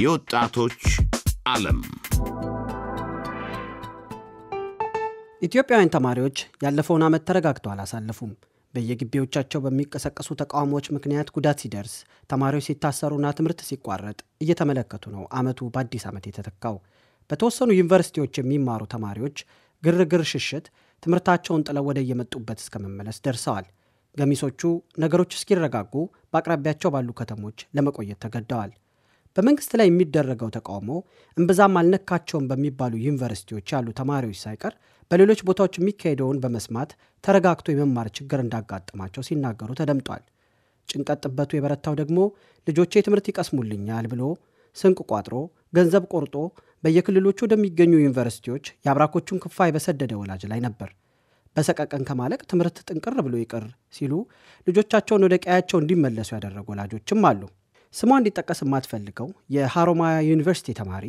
የወጣቶች ዓለም ኢትዮጵያውያን ተማሪዎች ያለፈውን ዓመት ተረጋግተው አላሳለፉም። በየግቢዎቻቸው በሚቀሰቀሱ ተቃውሞዎች ምክንያት ጉዳት ሲደርስ፣ ተማሪዎች ሲታሰሩና ትምህርት ሲቋረጥ እየተመለከቱ ነው ዓመቱ በአዲስ ዓመት የተተካው። በተወሰኑ ዩኒቨርሲቲዎች የሚማሩ ተማሪዎች ግርግር፣ ሽሽት ትምህርታቸውን ጥለው ወደ የመጡበት እስከመመለስ ደርሰዋል። ገሚሶቹ ነገሮች እስኪረጋጉ በአቅራቢያቸው ባሉ ከተሞች ለመቆየት ተገደዋል። በመንግስት ላይ የሚደረገው ተቃውሞ እምብዛም አልነካቸውም በሚባሉ ዩኒቨርሲቲዎች ያሉ ተማሪዎች ሳይቀር በሌሎች ቦታዎች የሚካሄደውን በመስማት ተረጋግቶ የመማር ችግር እንዳጋጠማቸው ሲናገሩ ተደምጧል። ጭንቀት ጥበቱ የበረታው ደግሞ ልጆቼ ትምህርት ይቀስሙልኛል ብሎ ስንቅ ቋጥሮ ገንዘብ ቆርጦ በየክልሎቹ ወደሚገኙ ዩኒቨርሲቲዎች የአብራኮቹን ክፋይ በሰደደ ወላጅ ላይ ነበር። በሰቀቀን ከማለቅ ትምህርት ጥንቅር ብሎ ይቅር ሲሉ ልጆቻቸውን ወደ ቀያቸው እንዲመለሱ ያደረጉ ወላጆችም አሉ። ስሟ እንዲጠቀስ የማትፈልገው የሀሮማያ ዩኒቨርሲቲ ተማሪ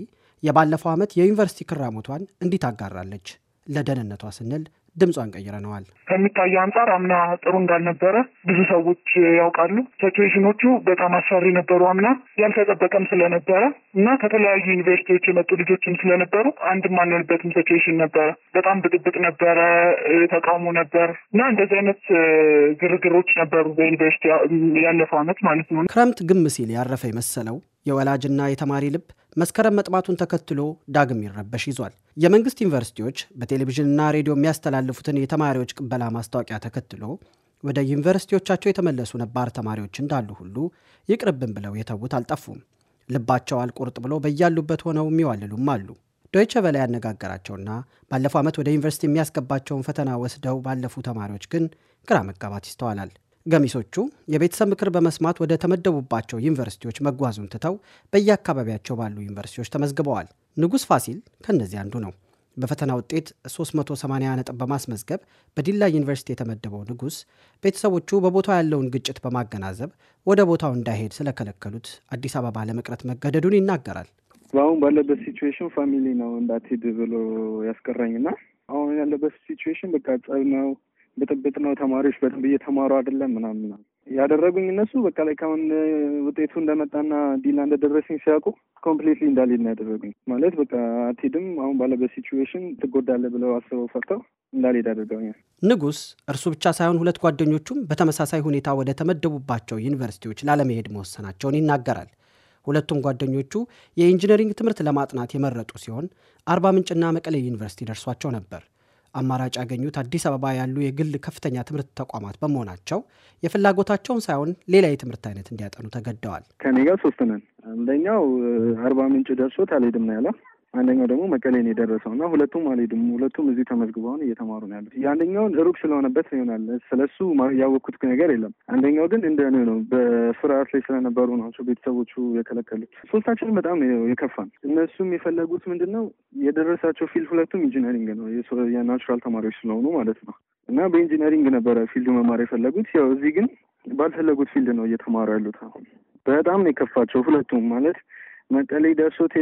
የባለፈው ዓመት የዩኒቨርሲቲ ክራሞቷን እንዲት አጋራለች ለደህንነቷ ስንል ድምጿን ቀይረነዋል። ከሚታየ አንጻር አምና ጥሩ እንዳልነበረ ብዙ ሰዎች ያውቃሉ። ሲቹዌሽኖቹ በጣም አስፈሪ ነበሩ። አምና ያልተጠበቀም ስለነበረ እና ከተለያዩ ዩኒቨርሲቲዎች የመጡ ልጆችም ስለነበሩ አንድም አንሆንበትም ሲቹዌሽን ነበረ። በጣም ብጥብጥ ነበረ፣ ተቃውሞ ነበር እና እንደዚህ አይነት ግርግሮች ነበሩ በዩኒቨርሲቲ ያለፈው አመት ማለት ነው። ክረምት ግም ሲል ያረፈ የመሰለው የወላጅና የተማሪ ልብ መስከረም መጥማቱን ተከትሎ ዳግም ይረበሽ ይዟል። የመንግስት ዩኒቨርሲቲዎች በቴሌቪዥንና ሬዲዮ የሚያስተላልፉትን የተማሪዎች ቅበላ ማስታወቂያ ተከትሎ ወደ ዩኒቨርሲቲዎቻቸው የተመለሱ ነባር ተማሪዎች እንዳሉ ሁሉ ይቅርብን ብለው የተዉት አልጠፉም። ልባቸው አልቁርጥ ብሎ በያሉበት ሆነው የሚዋልሉም አሉ። ዶይቸ ቬለ ያነጋገራቸውና ባለፈው ዓመት ወደ ዩኒቨርሲቲ የሚያስገባቸውን ፈተና ወስደው ባለፉ ተማሪዎች ግን ግራ መጋባት ይስተዋላል። ገሚሶቹ የቤተሰብ ምክር በመስማት ወደ ተመደቡባቸው ዩኒቨርሲቲዎች መጓዙን ትተው በየአካባቢያቸው ባሉ ዩኒቨርሲቲዎች ተመዝግበዋል። ንጉሥ ፋሲል ከእነዚህ አንዱ ነው። በፈተና ውጤት 380 ነጥብ በማስመዝገብ በዲላ ዩኒቨርሲቲ የተመደበው ንጉሥ ቤተሰቦቹ በቦታው ያለውን ግጭት በማገናዘብ ወደ ቦታው እንዳይሄድ ስለከለከሉት አዲስ አበባ ለመቅረት መገደዱን ይናገራል። አሁን ባለበት ሲትዌሽን ፋሚሊ ነው እንዳትሄድ ብሎ ያስቀራኝና አሁን ያለበት ሲትዌሽን በቃ ጸብ ነው ብጥብጥ ነው፣ ተማሪዎች በደንብ እየተማሩ አይደለም ምናምን ያደረጉኝ እነሱ በቃ ላይ ካሁን ውጤቱ እንደመጣና ዲላ እንደደረሰኝ ሲያውቁ ኮምፕሊትሊ እንዳልሄድ ያደረጉኝ። ማለት በቃ አትሄድም አሁን ባለበት ሲችዌሽን ትጎዳለህ ብለው አስበው ፈርተው እንዳልሄድ አድርገውኛል። ንጉስ እርሱ ብቻ ሳይሆን ሁለት ጓደኞቹም በተመሳሳይ ሁኔታ ወደ ተመደቡባቸው ዩኒቨርሲቲዎች ላለመሄድ መወሰናቸውን ይናገራል። ሁለቱም ጓደኞቹ የኢንጂነሪንግ ትምህርት ለማጥናት የመረጡ ሲሆን አርባ ምንጭና መቀሌ ዩኒቨርሲቲ ደርሷቸው ነበር። አማራጭ ያገኙት አዲስ አበባ ያሉ የግል ከፍተኛ ትምህርት ተቋማት በመሆናቸው የፍላጎታቸውን ሳይሆን ሌላ የትምህርት አይነት እንዲያጠኑ ተገደዋል። ከኔ ጋር ሶስት ነን። አንደኛው አርባ ምንጭ ደርሶ አልሄድም ነው ያለው። አንደኛው ደግሞ መቀሌን የደረሰው እና ሁለቱም አልሄዱም። ሁለቱም እዚህ ተመዝግበውን እየተማሩ ነው ያሉት። የአንደኛውን ሩቅ ስለሆነበት ይሆናል ስለሱ ያወቅኩት ነገር የለም። አንደኛው ግን እንደ እኔ ነው፣ በፍርሃት ላይ ስለነበሩ ናቸው ቤተሰቦቹ የከለከሉት። ሶስታችንም በጣም የከፋን። እነሱም የፈለጉት ምንድን ነው የደረሳቸው ፊልድ ሁለቱም ኢንጂነሪንግ ነው፣ የናቹራል ተማሪዎች ስለሆኑ ማለት ነው። እና በኢንጂነሪንግ ነበረ ፊልዱ መማር የፈለጉት። ያው እዚህ ግን ባልፈለጉት ፊልድ ነው እየተማሩ ያሉት። አሁን በጣም ነው የከፋቸው ሁለቱም ማለት መቀሌ ደርሶት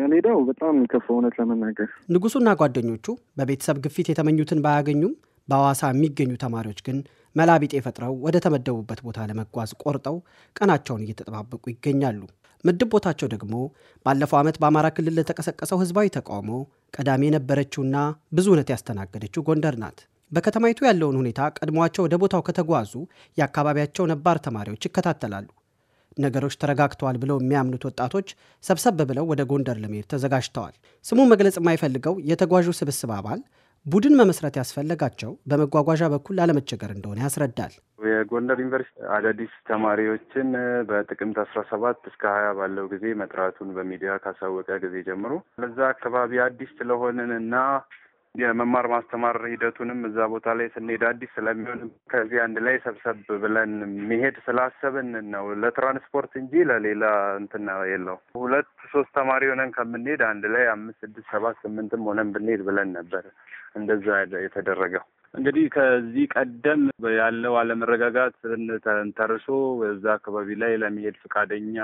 ያልሄደው በጣም ከፍ እውነት ለመናገር ንጉሱና ጓደኞቹ በቤተሰብ ግፊት የተመኙትን ባያገኙም በሐዋሳ የሚገኙ ተማሪዎች ግን መላቢጤ ፈጥረው ወደ ተመደቡበት ቦታ ለመጓዝ ቆርጠው ቀናቸውን እየተጠባበቁ ይገኛሉ። ምድብ ቦታቸው ደግሞ ባለፈው ዓመት በአማራ ክልል ለተቀሰቀሰው ህዝባዊ ተቃውሞ ቀዳሚ የነበረችውና ብዙ እውነት ያስተናገደችው ጎንደር ናት። በከተማይቱ ያለውን ሁኔታ ቀድሟቸው ወደ ቦታው ከተጓዙ የአካባቢያቸው ነባር ተማሪዎች ይከታተላሉ። ነገሮች ተረጋግተዋል ብለው የሚያምኑት ወጣቶች ሰብሰብ ብለው ወደ ጎንደር ለመሄድ ተዘጋጅተዋል። ስሙ መግለጽ የማይፈልገው የተጓዡ ስብስብ አባል ቡድን መመስረት ያስፈለጋቸው በመጓጓዣ በኩል ላለመቸገር እንደሆነ ያስረዳል። የጎንደር ዩኒቨርሲቲ አዳዲስ ተማሪዎችን በጥቅምት አስራ ሰባት እስከ ሀያ ባለው ጊዜ መጥራቱን በሚዲያ ካሳወቀ ጊዜ ጀምሮ ለዛ አካባቢ አዲስ ስለሆንን እና የመማር ማስተማር ሂደቱንም እዛ ቦታ ላይ ስንሄድ አዲስ ስለሚሆን ከዚህ አንድ ላይ ሰብሰብ ብለን መሄድ ስላሰብን ነው። ለትራንስፖርት እንጂ ለሌላ እንትን የለው። ሁለት ሶስት ተማሪ ሆነን ከምንሄድ አንድ ላይ አምስት ስድስት ሰባት ስምንትም ሆነን ብንሄድ ብለን ነበር እንደዛ የተደረገው። እንግዲህ ከዚህ ቀደም ያለው አለመረጋጋት ተንተርሶ እዛ አካባቢ ላይ ለመሄድ ፈቃደኛ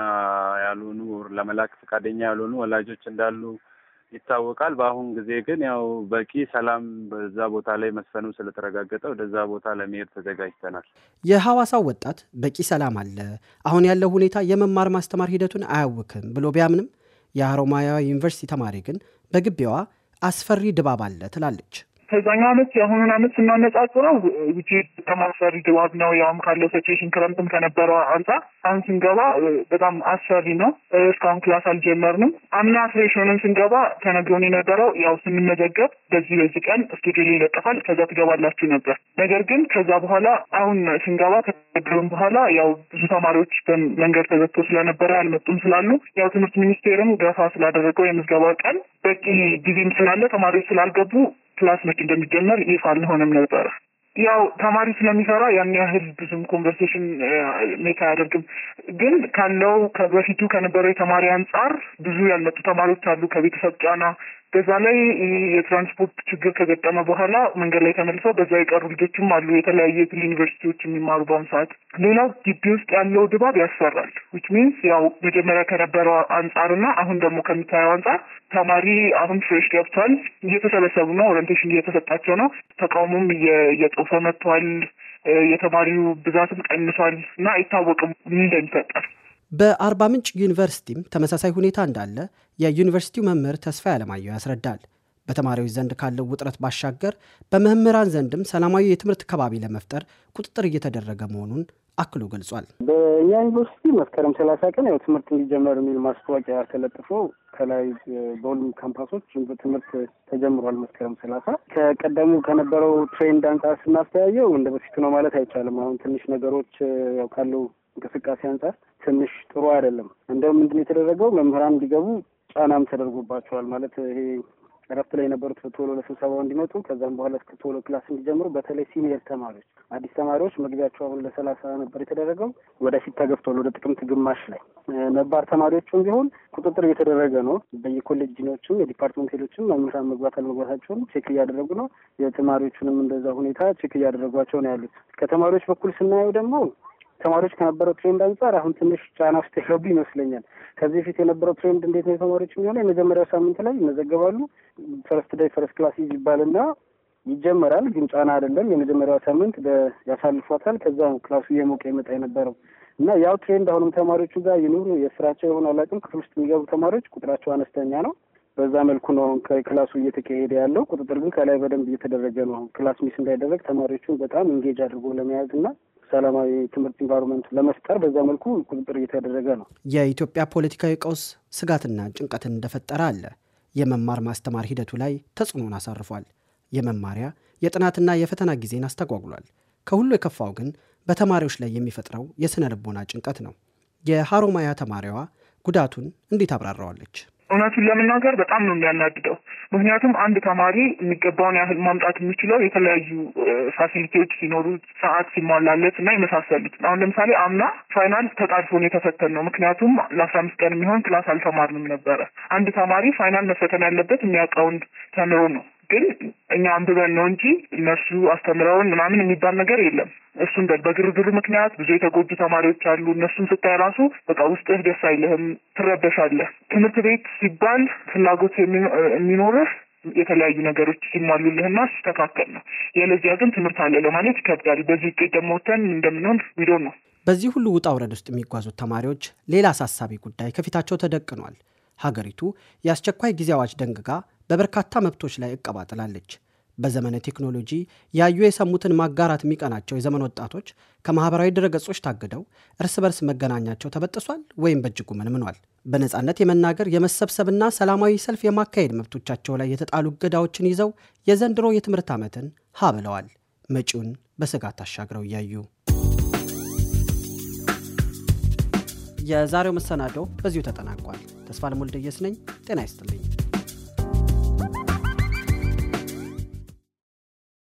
ያልሆኑ ለመላክ ፈቃደኛ ያልሆኑ ወላጆች እንዳሉ ይታወቃል። በአሁን ጊዜ ግን ያው በቂ ሰላም በዛ ቦታ ላይ መስፈኑ ስለተረጋገጠ ወደዛ ቦታ ለመሄድ ተዘጋጅተናል። የሐዋሳው ወጣት በቂ ሰላም አለ፣ አሁን ያለው ሁኔታ የመማር ማስተማር ሂደቱን አያውክም ብሎ ቢያምንም የሐሮማያ ዩኒቨርሲቲ ተማሪ ግን በግቢዋ አስፈሪ ድባብ አለ ትላለች። ከዛኛው አመት የአሁኑን አመት ስናነጻጽረው ውጭ ከማስፈሪ ድባብ ነው። ያውም ካለው ሰቼሽን ክረምትም ከነበረው አንጻር አሁን ስንገባ በጣም አስፈሪ ነው። እስካሁን ክላስ አልጀመርንም። አምና ፍሬሽንን ስንገባ ተነግሮን የነበረው ያው ስንመዘገብ በዚህ በዚህ ቀን ስኬጁል ይለጠፋል፣ ከዛ ትገባላችሁ ነበር። ነገር ግን ከዛ በኋላ አሁን ስንገባ ከተነገሩን በኋላ ያው ብዙ ተማሪዎች በመንገድ ተዘግቶ ስለነበረ አልመጡም ስላሉ ያው ትምህርት ሚኒስቴርም ገፋ ስላደረገው የምዝገባ ቀን በቂ ጊዜም ስላለ ተማሪዎች ስላልገቡ ክላስ መች እንደሚጀመር ይፋ አልሆነም ነበረ። ያው ተማሪ ስለሚሰራ ያን ያህል ብዙም ኮንቨርሴሽን ሜክ uh, አያደርግም። ግን ካለው ከበፊቱ ከነበረው የተማሪ አንጻር ብዙ ያልመጡ ተማሪዎች አሉ። ከቤተሰብ ጫና በዛ ላይ የትራንስፖርት ችግር ከገጠመ በኋላ መንገድ ላይ ተመልሰው በዛ የቀሩ ልጆችም አሉ። የተለያዩ የግል ዩኒቨርሲቲዎች የሚማሩ በአሁኑ ሰዓት። ሌላው ግቢ ውስጥ ያለው ድባብ ያስፈራል። ዊች ሚንስ ያው መጀመሪያ ከነበረው አንጻርና አሁን ደግሞ ከምታየው አንጻር ተማሪ አሁን ፍሬሽ ገብቷል። እየተሰበሰቡ ነው። ኦሪንቴሽን እየተሰጣቸው ነው። ተቃውሞም እየጦፈ መጥቷል። የተማሪው ብዛትም ቀንሷል እና አይታወቅም ምን እንደሚፈጠር በአርባ ምንጭ ዩኒቨርሲቲም ተመሳሳይ ሁኔታ እንዳለ የዩኒቨርሲቲው መምህር ተስፋ ያለማየው ያስረዳል። በተማሪዎች ዘንድ ካለው ውጥረት ባሻገር በመምህራን ዘንድም ሰላማዊ የትምህርት ከባቢ ለመፍጠር ቁጥጥር እየተደረገ መሆኑን አክሎ ገልጿል። በእኛ ዩኒቨርሲቲ መስከረም ሰላሳ ቀን ያው ትምህርት እንዲጀመር የሚል ማስታወቂያ ተለጥፎ ከላይ በሁሉም ካምፓሶች ትምህርት ተጀምሯል። መስከረም ሰላሳ ከቀደሙ ከነበረው ትሬንድ አንጻር ስናስተያየው እንደ በፊቱ ነው ማለት አይቻልም። አሁን ትንሽ ነገሮች ያው ካለው እንቅስቃሴ አንጻር ትንሽ ጥሩ አይደለም። እንደውም ምንድን ነው የተደረገው? መምህራን እንዲገቡ ጫናም ተደርጎባቸዋል። ማለት ይሄ እረፍት ላይ የነበሩት ቶሎ ለስብሰባው እንዲመጡ ከዛም በኋላ እስከ ቶሎ ክላስ እንዲጀምሩ በተለይ ሲኒየር ተማሪዎች አዲስ ተማሪዎች መግቢያቸው አሁን ለሰላሳ ነበር የተደረገው ወደፊት ተገፍቷል። ወደ ጥቅምት ግማሽ ላይ ነባር ተማሪዎቹም ቢሆን ቁጥጥር እየተደረገ ነው። በየኮሌጅኖችም የዲፓርትመንት ሄዶችም መምህራን መግባት አለመግባታቸውን ቼክ እያደረጉ ነው። የተማሪዎቹንም እንደዛ ሁኔታ ቼክ እያደረጓቸው ነው ያሉት። ከተማሪዎች በኩል ስናየው ደግሞ ተማሪዎች ከነበረው ትሬንድ አንጻር አሁን ትንሽ ጫና ውስጥ የገቡ ይመስለኛል። ከዚህ በፊት የነበረው ትሬንድ እንዴት ነው የተማሪዎች የሚሆነው? የመጀመሪያው ሳምንት ላይ ይመዘገባሉ። ፈረስት ዳይ ፈረስት ክላስ ይዝ ይባልና ይጀመራል። ግን ጫና አይደለም። የመጀመሪያው ሳምንት ያሳልፏታል። ከዛ ክላሱ እየሞቀ ይመጣ የነበረው እና ያው ትሬንድ አሁንም ተማሪዎቹ ጋር ይኑሩ የስራቸው የሆነ አላውቅም። ክፍል ውስጥ የሚገቡ ተማሪዎች ቁጥራቸው አነስተኛ ነው። በዛ መልኩ ነው አሁን ክላሱ እየተካሄደ ያለው። ቁጥጥር ግን ከላይ በደንብ እየተደረገ ነው። ክላስ ሚስ እንዳይደረግ ተማሪዎቹን በጣም እንጌጅ አድርጎ ለመያዝ እና ሰላማዊ ትምህርት ኢንቫይሮንመንት ለመፍጠር በዛ መልኩ ቁጥጥር እየተደረገ ነው። የኢትዮጵያ ፖለቲካዊ ቀውስ ስጋትና ጭንቀትን እንደፈጠረ አለ። የመማር ማስተማር ሂደቱ ላይ ተጽዕኖን አሳርፏል። የመማሪያ የጥናትና የፈተና ጊዜን አስተጓጉሏል። ከሁሉ የከፋው ግን በተማሪዎች ላይ የሚፈጥረው የሥነ ልቦና ጭንቀት ነው። የሀሮማያ ተማሪዋ ጉዳቱን እንዴት አብራራዋለች? እውነቱን ለመናገር በጣም ነው የሚያናድደው። ምክንያቱም አንድ ተማሪ የሚገባውን ያህል ማምጣት የሚችለው የተለያዩ ፋሲሊቲዎች ሲኖሩት፣ ሰዓት ሲሟላለት እና የመሳሰሉት። አሁን ለምሳሌ አምና ፋይናል ተጣድፎን የተፈተን ነው። ምክንያቱም ለአስራ አምስት ቀን የሚሆን ክላስ አልተማርንም ነበረ። አንድ ተማሪ ፋይናል መፈተን ያለበት የሚያውቀውን ተምሮ ነው። ግን እኛ አንብበን ነው እንጂ እነሱ አስተምረውን ምናምን የሚባል ነገር የለም። እሱም በግርግሩ ምክንያት ብዙ የተጎዱ ተማሪዎች አሉ። እነሱም ስታይ ራሱ በቃ ውስጥህ ደስ አይልህም፣ ትረበሻለህ። ትምህርት ቤት ሲባል ፍላጎት የሚኖርህ የተለያዩ ነገሮች ሲሟሉልህና ሲስተካከል ነው። የለዚያ ግን ትምህርት አለ ለማለት ይከብዳል። በዚህ ውጤት ደግሞ ወተን እንደምንሆን ቪዲዮ ነው። በዚህ ሁሉ ውጣ ውረድ ውስጥ የሚጓዙት ተማሪዎች ሌላ አሳሳቢ ጉዳይ ከፊታቸው ተደቅኗል። ሀገሪቱ የአስቸኳይ ጊዜ አዋጅ ደንግጋ በበርካታ መብቶች ላይ እቀባ ጥላለች። በዘመነ ቴክኖሎጂ ያዩ የሰሙትን ማጋራት የሚቀናቸው የዘመን ወጣቶች ከማኅበራዊ ድረገጾች ታግደው እርስ በርስ መገናኛቸው ተበጥሷል ወይም በእጅጉ ምንምኗል። በነፃነት የመናገር የመሰብሰብና ሰላማዊ ሰልፍ የማካሄድ መብቶቻቸው ላይ የተጣሉ እገዳዎችን ይዘው የዘንድሮ የትምህርት ዓመትን ሀ ብለዋል። መጪውን በስጋት አሻግረው እያዩ የዛሬው መሰናዶ በዚሁ ተጠናቋል። ተስፋ ለሞልደየስ ነኝ። ጤና ይስጥልኝ።